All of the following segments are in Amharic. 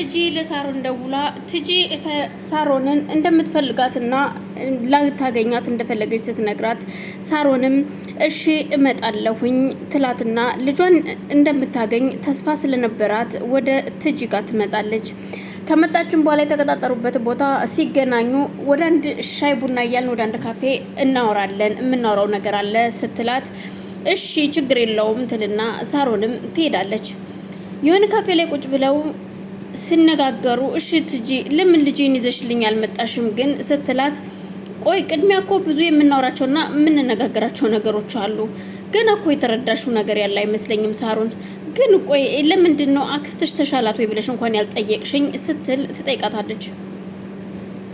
ትጂ ለሳሮን ደውላ ትጂ ሳሮንን እንደምትፈልጋትና ላታገኛት እንደፈለገች ስትነግራት ሳሮንም እሺ እመጣለሁኝ ትላትና ልጇን እንደምታገኝ ተስፋ ስለነበራት ወደ ትጂ ጋር ትመጣለች። ከመጣችን በኋላ የተቀጣጠሩበት ቦታ ሲገናኙ ወደ አንድ ሻይ ቡና እያልን ወደ አንድ ካፌ እናወራለን፣ የምናወራው ነገር አለ ስትላት እሺ ችግር የለውም ትልና ሳሮንም ትሄዳለች። የሆነ ካፌ ላይ ቁጭ ብለው ሲነጋገሩ እሺ ትጂ ለምን ልጅን ይዘሽልኝ አልመጣሽም ግን ስትላት ቆይ ቅድሚያ እኮ ብዙ የምናወራቸውና የምንነጋገራቸው ነገሮች አሉ። ገና እኮ የተረዳሽው ነገር ያለ አይመስለኝም ሳሩን። ግን ቆይ ለምንድን ነው አክስትሽ ተሻላት ወይ ብለሽ እንኳን ያልጠየቅሽኝ ስትል ትጠይቃታለች።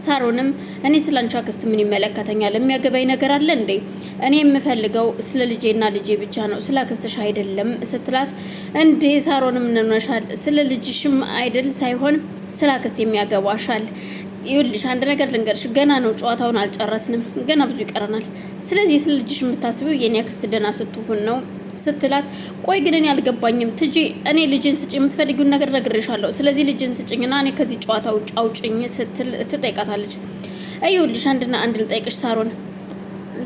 ሳሮንም እኔ ስለ አንቺ አክስት ምን ይመለከተኛል? የሚያገባኝ ነገር አለ እንዴ? እኔ የምፈልገው ስለ ልጄና ልጄ ብቻ ነው፣ ስለ አክስትሽ አይደለም ስትላት፣ እንዴ ሳሮንም እንነሻል፣ ስለ ልጅሽም አይደል ሳይሆን ስለ አክስት የሚያገባሻል። ይኸውልሽ አንድ ነገር ልንገርሽ፣ ገና ነው ጨዋታውን አልጨረስንም፣ ገና ብዙ ይቀረናል። ስለዚህ ስለ ልጅሽ የምታስቢው የኔ አክስት ደህና ስትሆን ነው ስትላት ቆይ ግን እኔ አልገባኝም ትጂ እኔ ልጅን ስጭ የምትፈልጊውን ነገር ነግሬሻለሁ። ስለዚህ ልጅን ስጭኝና እኔ ከዚህ ጨዋታ ውጭ አውጭኝ ስትል ትጠይቃታለች። ይኸውልሽ አንድና አንድ ልጠይቅሽ ሳሮን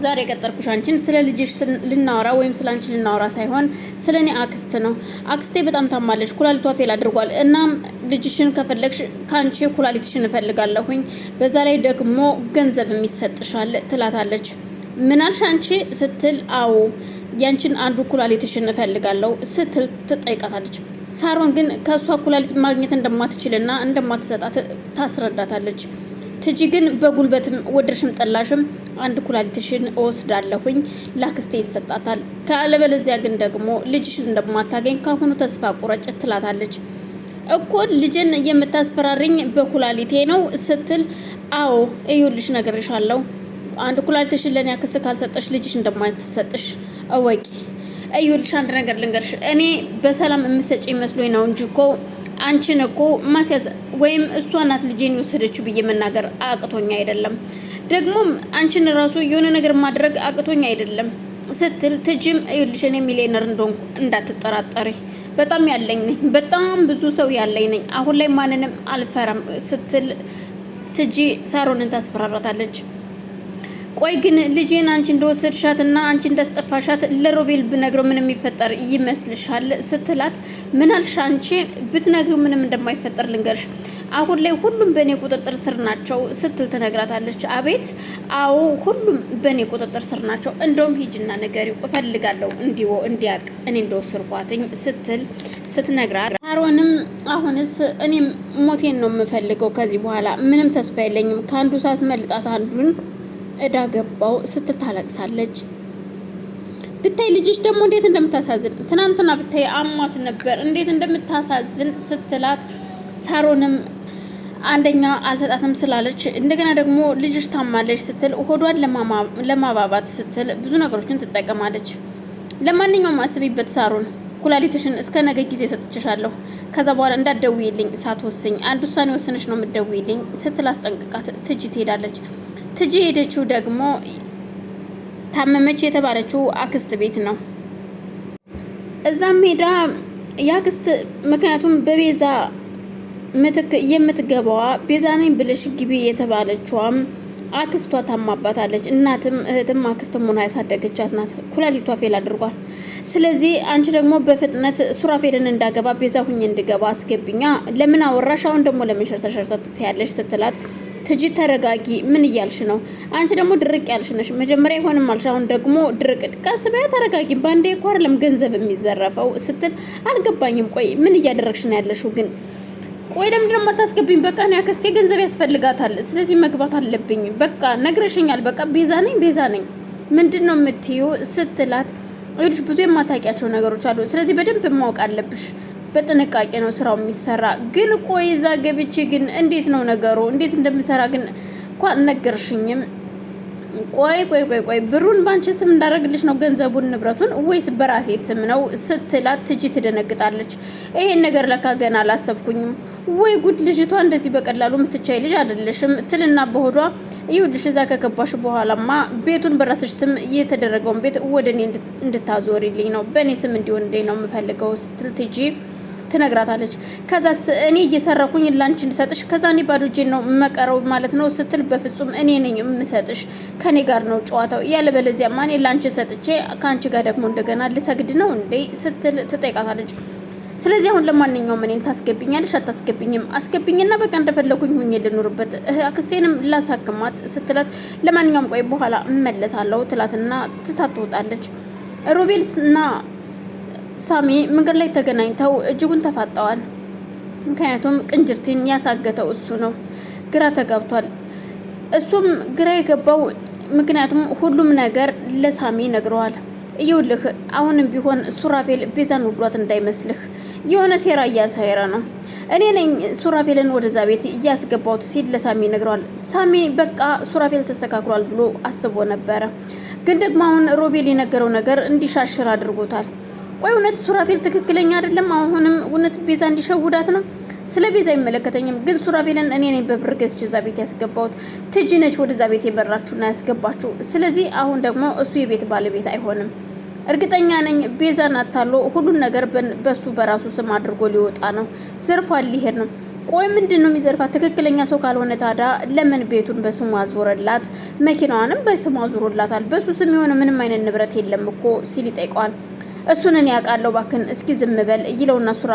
ዛሬ የቀጠርኩሽ አንቺን ስለ ልጅሽ ልናወራ ወይም ስለ አንቺ ልናወራ ሳይሆን ስለ እኔ አክስት ነው። አክስቴ በጣም ታማለች፣ ኩላሊቷ ፌል አድርጓል። እናም ልጅሽን ከፈለግሽ ከአንቺ ኩላሊትሽን እፈልጋለሁኝ። በዛ ላይ ደግሞ ገንዘብም ይሰጥሻል ትላታለች። ምናልሽ አንቺ ስትል አዎ ያንቺን አንዱ ኩላሊትሽን እፈልጋለሁ ስትል ትጠይቃታለች። ሳሮን ግን ከእሷ ኩላሊት ማግኘት እንደማትችልና እንደማትሰጣት ታስረዳታለች። ትጂ ግን በጉልበትም ወደድሽም ጠላሽም አንድ ኩላሊትሽን እወስዳለሁኝ ላክስቴ ይሰጣታል። ካለበለዚያ ግን ደግሞ ልጅሽን እንደማታገኝ ካሁኑ ተስፋ ቁረጭ ትላታለች። እኮ ልጅን የምታስፈራሪኝ በኩላሊቴ ነው ስትል አዎ እዩልሽ ነገርሻለሁ አንድ ኩላሊትሽን ለእኔ አክስት ካልሰጠሽ ልጅሽ እንደማትሰጥሽ እወቂ። እዩልሽ፣ አንድ ነገር ልንገርሽ። እኔ በሰላም የምሰጭ ይመስሎኝ ነው እንጂ እኮ አንቺን እኮ ማስያዝ ወይም እሷ ናት ልጄን የወሰደችው ብዬ መናገር አቅቶኝ አይደለም። ደግሞም አንቺን ራሱ የሆነ ነገር ማድረግ አቅቶኝ አይደለም ስትል ትጅም እዩልሽ፣ እኔ ሚሊዮነር እንደሆንኩ እንዳትጠራጠሪ። በጣም ያለኝ ነኝ፣ በጣም ብዙ ሰው ያለኝ ነኝ። አሁን ላይ ማንንም አልፈራም ስትል ትጂ ሳሮንን ታስፈራራታለች። ቆይ ግን ልጄን አንቺ እንደወሰድሻት እና አንቺ እንዳስጠፋሻት ለሮቤል ብነግረው ምን የሚፈጠር ይመስልሻል? ስትላት ምን አልሽ አንቺ? ብትነግሪው ምንም እንደማይፈጠር ልንገርሽ፣ አሁን ላይ ሁሉም በእኔ ቁጥጥር ስር ናቸው ስትል ትነግራታለች። አቤት! አዎ ሁሉም በእኔ ቁጥጥር ስር ናቸው። እንደውም ሂጅና ንገሪው እፈልጋለሁ እንዲወ እንዲያቅ እኔ እንደወሰድኳትኝ ስትል ስትነግራት አሮንም አሁንስ እኔም ሞቴን ነው የምፈልገው ከዚህ በኋላ ምንም ተስፋ የለኝም ከአንዱ ሳስመልጣት አንዱን እዳ ገባው ስትል ታለቅሳለች። ብታይ ልጅሽ ደግሞ እንዴት እንደምታሳዝን ትናንትና ብታይ አሟት ነበር እንዴት እንደምታሳዝን ስትላት ሳሮንም አንደኛ አልሰጣትም ስላለች እንደገና ደግሞ ልጅሽ ታማለች ስትል ሆዷን ለማባባት ስትል ብዙ ነገሮችን ትጠቀማለች። ለማንኛውም አስቢበት ሳሮን፣ ኩላሊትሽን እስከ ነገ ጊዜ ሰጥችሻለሁ። ከዛ በኋላ እንዳትደውይልኝ ሳትወስኝ፣ አንድ ውሳኔ ወስንሽ ነው የምትደውይልኝ ስትል አስጠንቅቃት ትጅ ትሄዳለች። ትጂ ሄደችው ደግሞ ታመመች የተባለችው አክስት ቤት ነው። እዛም ሄዳ የአክስት ምክንያቱም በቤዛ ምትክ የምትገባዋ ቤዛ ነኝ ብለሽ ግቢ የተባለችዋም አክስቷ ታማባታለች። እናትም እህትም አክስትም ሆና ያሳደገቻት ናት። ኩላሊቷ ፌል አድርጓል። ስለዚህ አንቺ ደግሞ በፍጥነት ሱራፌልን እንዳገባ ቤዛ ሁኝ እንድገባ አስገብኛ። ለምን አወራሽ? አሁን ደግሞ ለምን ሸርተሸርተት ያለሽ ስትላት፣ ትጂ ተረጋጊ፣ ምን እያልሽ ነው? አንቺ ደግሞ ድርቅ ያልሽ ነሽ። መጀመሪያ ይሆንም አልሽ፣ አሁን ደግሞ ድርቅ። ቀስ በያ ተረጋጊ፣ ባንዴ እኮ አይደለም ገንዘብ የሚዘረፈው ስትል፣ አልገባኝም። ቆይ ምን እያደረግሽ ነው ያለሽው ግን ቆይ ለምንድነው ነው የማታስገቢኝ? በቃ እኔ አክስቴ ገንዘብ ያስፈልጋታል፣ ስለዚህ መግባት አለብኝ። በቃ ነግረሽኛል። በቃ ቤዛ ነኝ ቤዛ ነኝ ምንድን ነው ስትላት፣ ይኸውልሽ ብዙ የማታውቂያቸው ነገሮች አሉ፣ ስለዚህ በደንብ ማወቅ አለብሽ። በጥንቃቄ ነው ስራው የሚሰራ። ግን ቆይ እዛ ገብቼ ግን እንዴት ነው ነገሩ? እንዴት እንደምሰራ ግን እኮ አልነገርሽኝም። ቆይ ቆይ ቆይ ቆይ ብሩን ባንቺ ስም እንዳደረግልሽ ነው ገንዘቡን ንብረቱን ወይስ በራሴ ስም ነው ስትላት፣ ትጂ ትደነግጣለች። ይሄን ነገር ለካ ገና አላሰብኩኝም። ወይ ጉድ ልጅቷ እንደዚህ በቀላሉ የምትቻይ ልጅ አይደለሽም ትልና በሆዷ ይኸውልሽ፣ እዛ ከገባሽ በኋላማ ቤቱን በራስሽ ስም የተደረገውን ቤት ወደ እኔ እንድታዞሪልኝ ነው በእኔ ስም እንዲሆንልኝ ነው የምፈልገው ስትል ትጂ ትነግራታለች። ከዛ እኔ እየሰረኩኝ ላንቺ እንድሰጥሽ ከዛ እኔ ባዶ እጄን ነው መቀረው ማለት ነው ስትል፣ በፍጹም እኔ ነኝ የምሰጥሽ፣ ከኔ ጋር ነው ጨዋታው፣ ያለበለዚያማ እኔ ላንቺ ሰጥቼ ከአንቺ ጋር ደግሞ እንደገና ልሰግድ ነው እንዴ ስትል ትጠይቃታለች። ስለዚህ አሁን ለማንኛውም እኔን ታስገብኛለሽ አታስገብኝም? አስገብኝና በቃ እንደፈለኩኝ ሁኜ ልኑርበት አክስቴንም ላሳክማት ስትላት ለማንኛውም ቆይ በኋላ እመለሳለሁ ትላትና ትታት ትወጣለች። ሮቤልስ እና ሳሚ መንገድ ላይ ተገናኝተው እጅጉን ተፋጠዋል። ምክንያቱም ቅንጅርቴን ያሳገተው እሱ ነው። ግራ ተጋብቷል። እሱም ግራ የገባው ምክንያቱም ሁሉም ነገር ለሳሚ ነግረዋል። ይኸውልህ አሁንም ቢሆን ሱራፌል ቤዛን ውዷት እንዳይመስልህ የሆነ ሴራ እያሳየረ ነው። እኔ ነኝ ሱራፌልን ወደዛ ቤት እያስገባሁት ሲል ለሳሚ ይነግረዋል። ሳሚ በቃ ሱራፌል ተስተካክሏል ብሎ አስቦ ነበረ። ግን ደግሞ አሁን ሮቤል የነገረው ነገር እንዲሻሽር አድርጎታል። ቆይ እውነት ሱራፌል ትክክለኛ አይደለም? አሁንም እውነት ቤዛ እንዲሸውዳት ነው? ስለ ቤዛ አይመለከተኝም፣ ግን ሱራፌልን እኔ ነኝ በብር ገዝቼ እዛ ቤት ያስገባሁት። ትጂ ነች ወደዛ ቤት የመራችሁና ያስገባችሁ። ስለዚህ አሁን ደግሞ እሱ የቤት ባለቤት አይሆንም። እርግጠኛ ነኝ ቤዛ ናታለው ሁሉን ነገር በሱ በራሱ ስም አድርጎ ሊወጣ ነው። ዘርፏል፣ ሊሄድ ነው። ቆይ ምንድን ነው የሚዘርፋት? ትክክለኛ ሰው ካልሆነ ታዳ ለምን ቤቱን በስሙ አዞረላት? መኪናዋንም በስሙ አዞሮላታል። በሱ ስም የሆነ ምንም አይነት ንብረት የለም እኮ ሲል ይጠይቀዋል። እሱን እኔ ያውቃለሁ፣ እባክን እስኪ ዝም በል ይለውና ሱራ